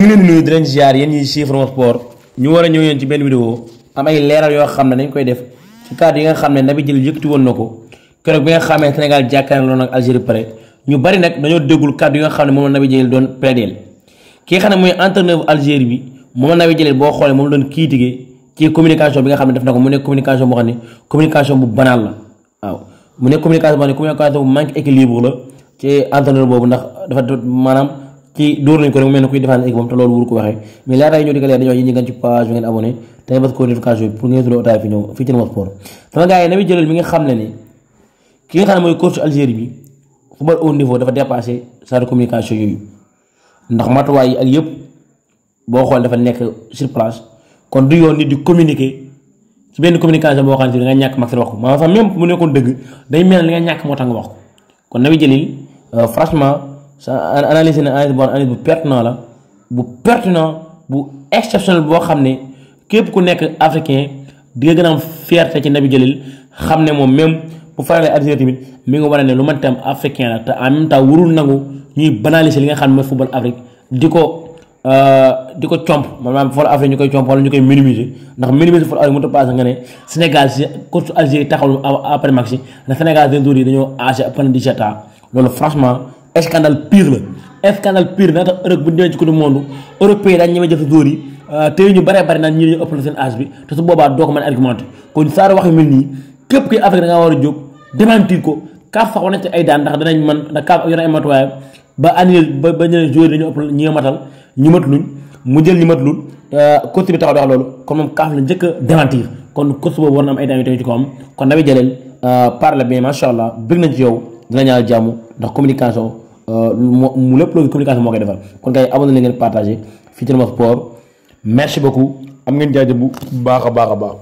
ñu ngi leen di nuyu di leen ziar ñu war a ñëw yéen ci benn vidéo am ay leeral yoo xam ne dañ koy def ci cadre yi nga xam ne Naby Djelit yëkkati woon na ko keroog bi nga xam ne Sénégal jàkkaarloo nag Algérie pare ñu bari nag dañoo déggul cadre yi nga xam ne moom la Naby Djelit doon plaideel ki nga xam ne mooy entraîneur Algérie bi moom la Naby Djelit boo xoolee moom la doon critiquer ci communication bi nga xam ne def na ko mu nekk communication boo xam ne communication bu banal la waaw mu nekk communication boo xam kii dóor nañ ko rek mu mel ne kuy défendre équipe am ko waxee mais laata yi ñëw di ko leer dañoo yi nga xam ne ni ki nga xam ne mooy coach Algérie bi football au dafa dépassé sa communication yooyu ndax matuwaay yi ak yëpp boo xool dafa nekk sur place kon du yoon nit di communiquer ci benn communication boo xam ne da nga ñàkk mag si wax ko maanaam sax mu nekkoon dëgg day mel ni nga ñàkk moo tax nga wax ko kon Nabil Djellit euh, franchement sa analyse na analyse boo analyse bu pertinent la bu pertinent bu exceptionnel boo xam ne képp ku nekk africain di nga gën a am fierté ci Naby xam ne moom même bu faralee Algérie tamit mi ngi wane ne lu man tam africain la te en même temps warul nangu ñuy banaliser li nga xam ne mooy football Afrique di ko euh, di ko comp maanaam football Afrique ñu koy comp wala ñu koy minimiser ndax minimiser football Afrique mu ta passé nga ne Sénégal si course Algérie taxawul après Sénégal seen jour yi dañoo âgé après 17 scandale pire la scandale pire naa tax Europe bu ñu demee ci coupe du monde européen daañu ñemee jëf dóor yi euh, te ñu bare bari naan ñi ñu ëpp na seen âge bi te su boobaa doo ko mën argumenté kon saara wax yu mel nii képp kuy Afrique da ngaa war a jóg démentir ko kaaf sax wane ci ay daan ndax danañ mën ndax kaaf yor ay matuwaayam ba annulé ba ba ñeneen joueurs dañu ëpp ñi nga matal ñu matluñ mu jël ñi matlul euh, coach bi taxaw di wax loolu kon moom kaaf la njëkk a démentir kon coach boobu war na am ay daan yu tegu ci kawam kon Naby Jalel euh, parle bien macha allah bëgg nañ ci yow dina ñaanal jàmm ndax communication Euh, mu lépp loolu communication moo koy defal kon kay abonné na ngeen partagé fii ci Rmo Sport merci beaucoup am ngeen jaajëf bu baax a baax a baax.